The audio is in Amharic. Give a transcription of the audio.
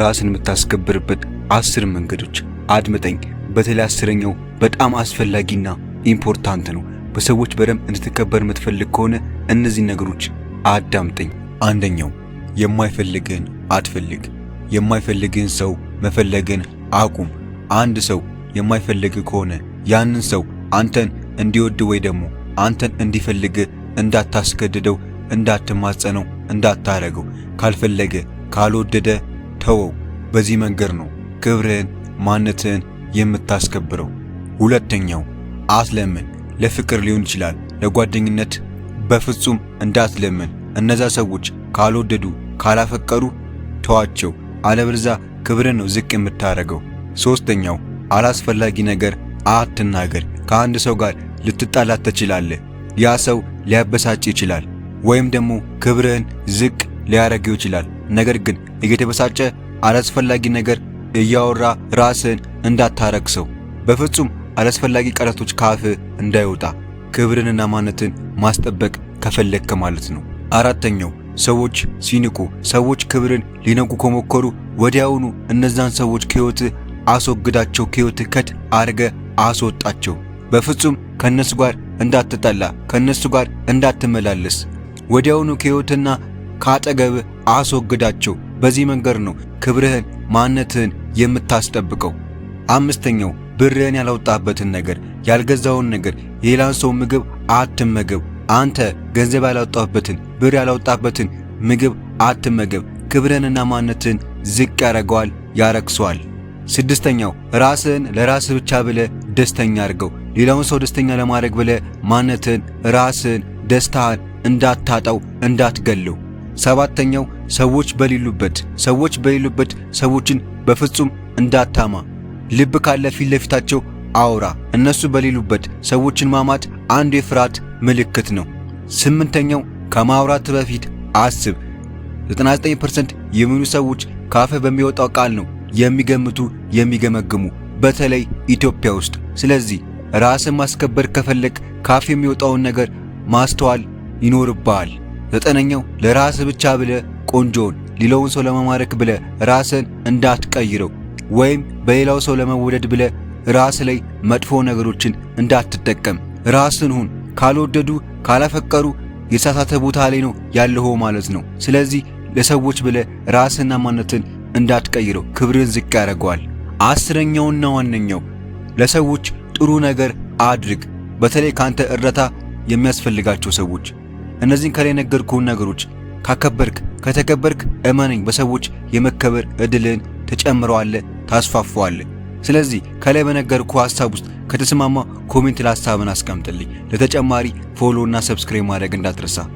ራስን የምታስከብርበት አስር መንገዶች አድምጠኝ። በተለይ አስረኛው በጣም አስፈላጊና ኢምፖርታንት ነው። በሰዎች በደንብ እንድትከበር የምትፈልግ ከሆነ እነዚህ ነገሮች አዳምጠኝ። አንደኛው የማይፈልግህን አትፈልግ። የማይፈልግህን ሰው መፈለግን አቁም። አንድ ሰው የማይፈልግ ከሆነ ያንን ሰው አንተን እንዲወድ ወይ ደግሞ አንተን እንዲፈልግ እንዳታስገድደው፣ እንዳትማጸነው፣ እንዳታረገው። ካልፈለገ ካልወደደ ተወው። በዚህ መንገድ ነው ክብርን ማነትን የምታስከብረው። ሁለተኛው አትለምን። ለፍቅር ሊሆን ይችላል፣ ለጓደኝነት በፍጹም እንዳትለምን። እነዛ ሰዎች ካልወደዱ ካላፈቀሩ ተዋቸው፣ አለበለዚያ ክብርን ነው ዝቅ የምታደርገው። ሶስተኛው አላስፈላጊ ነገር አትናገር። ከአንድ ሰው ጋር ልትጣላት ትችላለህ። ያ ሰው ሊያበሳጭ ይችላል፣ ወይም ደግሞ ክብርህን ዝቅ ሊያደርገው ይችላል። ነገር ግን እየተበሳጨ አላስፈላጊ ነገር እያወራ ራስን እንዳታረክሰው። በፍጹም አላስፈላጊ ቃላቶች ካፍ እንዳይወጣ ክብርንና ማነትን ማስጠበቅ ከፈለግክ ማለት ነው። አራተኛው ሰዎች ሲንቁ፣ ሰዎች ክብርን ሊነቁ ከሞከሩ ወዲያውኑ እነዛን ሰዎች ከህይወት አስወግዳቸው። ከህይወት ከት አርገ አስወጣቸው። በፍጹም ከነሱ ጋር እንዳትጠላ፣ ከነሱ ጋር እንዳትመላለስ፣ ወዲያውኑ ከህይወትና ካጠገብ አስወግዳቸው። በዚህ መንገድ ነው ክብርህን፣ ማንነትህን የምታስጠብቀው። አምስተኛው ብርህን ያላወጣበትን ነገር ያልገዛውን ነገር የሌላን ሰው ምግብ አትመገብ። አንተ ገንዘብ ያላወጣበትን ብር ያላወጣበትን ምግብ አትመገብ። ክብርህንና ማንነትህን ዝቅ ያደርገዋል፣ ያረክሰዋል። ስድስተኛው ራስህን ለራስህ ብቻ ብለህ ደስተኛ አድርገው። ሌላውን ሰው ደስተኛ ለማድረግ ብለህ ማንነትህን፣ ራስህን፣ ደስታህን እንዳታጣው እንዳትገለው። ሰባተኛው ሰዎች በሌሉበት ሰዎች በሌሉበት ሰዎችን በፍጹም እንዳታማ። ልብ ካለ ፊት ለፊታቸው አውራ። እነሱ በሌሉበት ሰዎችን ማማት አንዱ የፍርሃት ምልክት ነው። ስምንተኛው ከማውራት በፊት አስብ። 99% የሚሉ ሰዎች ካፈ በሚወጣው ቃል ነው የሚገምቱ የሚገመግሙ፣ በተለይ ኢትዮጵያ ውስጥ። ስለዚህ ራስን ማስከበር ከፈለግ ካፍ የሚወጣውን ነገር ማስተዋል ይኖርብሃል። ዘጠነኛው ለራስ ብቻ ብለ ቆንጆውን ሌላውን ሰው ለመማረክ ብለ ራስን እንዳትቀይረው ወይም በሌላው ሰው ለመወደድ ብለ ራስ ላይ መጥፎ ነገሮችን እንዳትጠቀም ራስን ሁን። ካልወደዱ ካላፈቀሩ የተሳሳተ ቦታ ላይ ነው ያለሆ ማለት ነው። ስለዚህ ለሰዎች ብለ ራስና ማንነትን እንዳትቀይረው፣ ክብርን ዝቅ ያደርገዋል። አስረኛውና ዋነኛው ለሰዎች ጥሩ ነገር አድርግ፣ በተለይ ካንተ እርዳታ የሚያስፈልጋቸው ሰዎች እነዚህን ከላይ የነገርኩህን ነገሮች ካከበርክ ከተከበርክ፣ እመነኝ በሰዎች የመከበር እድልን ተጨምረዋለ ታስፋፋዋለህ። ስለዚህ ከላይ በነገርኩ ሀሳብ ውስጥ ከተስማማ ኮሜንት ላሳብን አስቀምጥልኝ። ለተጨማሪ ፎሎ እና ሰብስክራይብ ማድረግ እንዳትረሳ።